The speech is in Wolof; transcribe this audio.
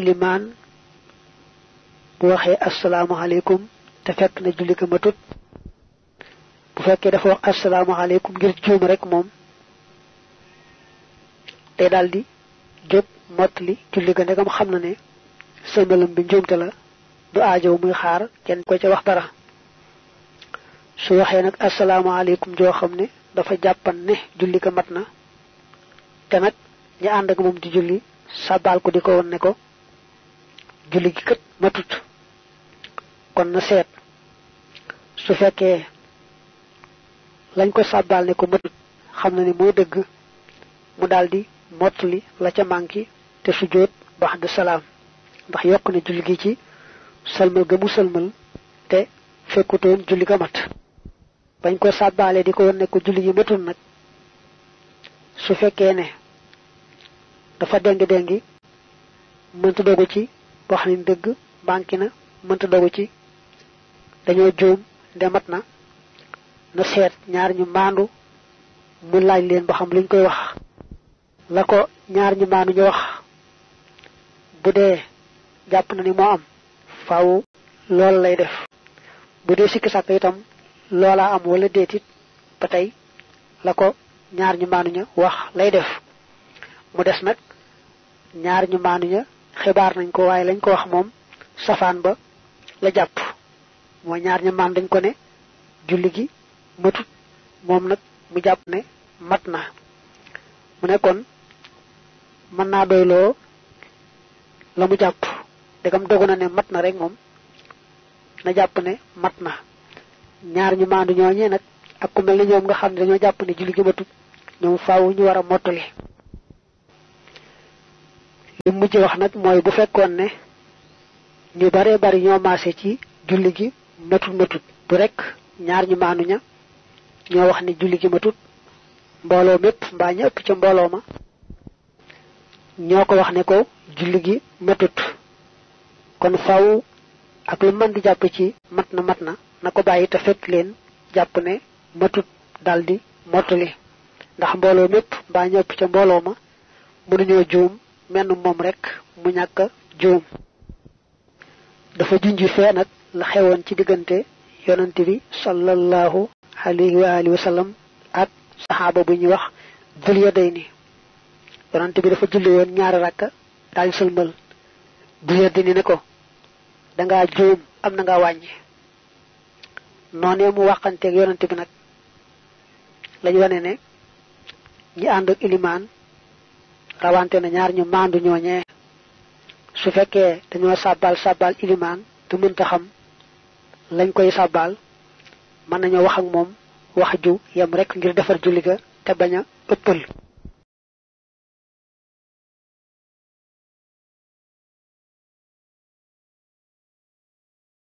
ilimaan bu waxee asalaamaaleykum te fekk na julli ko matut bu fekkee dafa wax asalaamaaleykum ngir juum rek moom te daldi jóg mottali julli ga ndegam xam na ne sëmbalam bi njuumte la du aajow muy xaar kenn ko ca wax dara su waxee nag asalaamaaleykum joo xam ne dafa jàppan ne julli ko mat na te nag ñu ànd ak moom di julli sàbbaal ko di ko won ne ko julli gi kat matut kon na seet su fekkee lañ ko sàbbaal ne ko matut xam na ne moo dëgg mu daldi mottali la ca manki te sujjóot bax du salaam ndax yokk na julli gi ci sëlmal ga mu sëlmal te fekkutoon julli ga mat bañ ko sàbbaale di ko won ne ko julli gi matul nag su fekkee ne dafa déng déngi mënta dogu ci boo xam dëgg banki na mënta dogu ci dañoo juum demat na na seet ñaar ñu maandu mu laaj leen ba xam luñ koy wax la ko ñaar ñu maandu ñu wax bu dee jàpp na ni moo am faaw loolu lay def bu dee sikki sàkk itam loolaa am wala déetit ba tey la ko ñaar ñu maandu ña wax lay def mu des nag ñaar ñu maandu ña xibaar nañ ko waaye lañ ko wax moom safaan ba la jàpp moo ñaar ña maan dañ ko ne julli gi matut nag mu jàpp ne mat na mu nekkoon kon mën naa doyloo la mu jàpp dagam dogu na ne mat na rek moom na jàpp ne mat na ñaar ñu maandu ñooñee nag ak ku mel ne ñoom nga xam ne dañoo jàpp ne julli gi matut ñoom faaw ñu war a mottali li mujj wax nak moy bu fekkoon ne ñu bare bare ñoo maase ci julli gi matut matut bu rek ñaar ñu manu ña ñoo wax ni julli gi matut mbooloo mépp mbaa ña ëpp ca mbooloo ma ñoko wax ne ko julli gi matut kon faaw ak lu mën di japp ci matna matna nako bayyi ta fekk leen japp ne matut daldi motali ndax mbolo mepp ba ñepp ci mbolo ma ñoo joom men mom rek mu ñàkk joom dafa junj fe nak la xewon ci digënté yonante bi sallallahu alayhi wa alihi wasallam ak sahaba bu ñu wax dul yadayni yonante bi dafa jullé woon ñaara rakka dal sulmal dul ne ko da nga joom am na nga wañi noné mu ak yonante bi nak lañu wané né ñi and ak iliman rawante na ñaar ñu maandu ñooñee su fekkee dañoo sàbbaal sàbbaal ilimaan te mënta xam lañ koy sàbbaal mën nañoo wax ak moom wax ju yem rek ngir defar julli ga te bañ a ëppal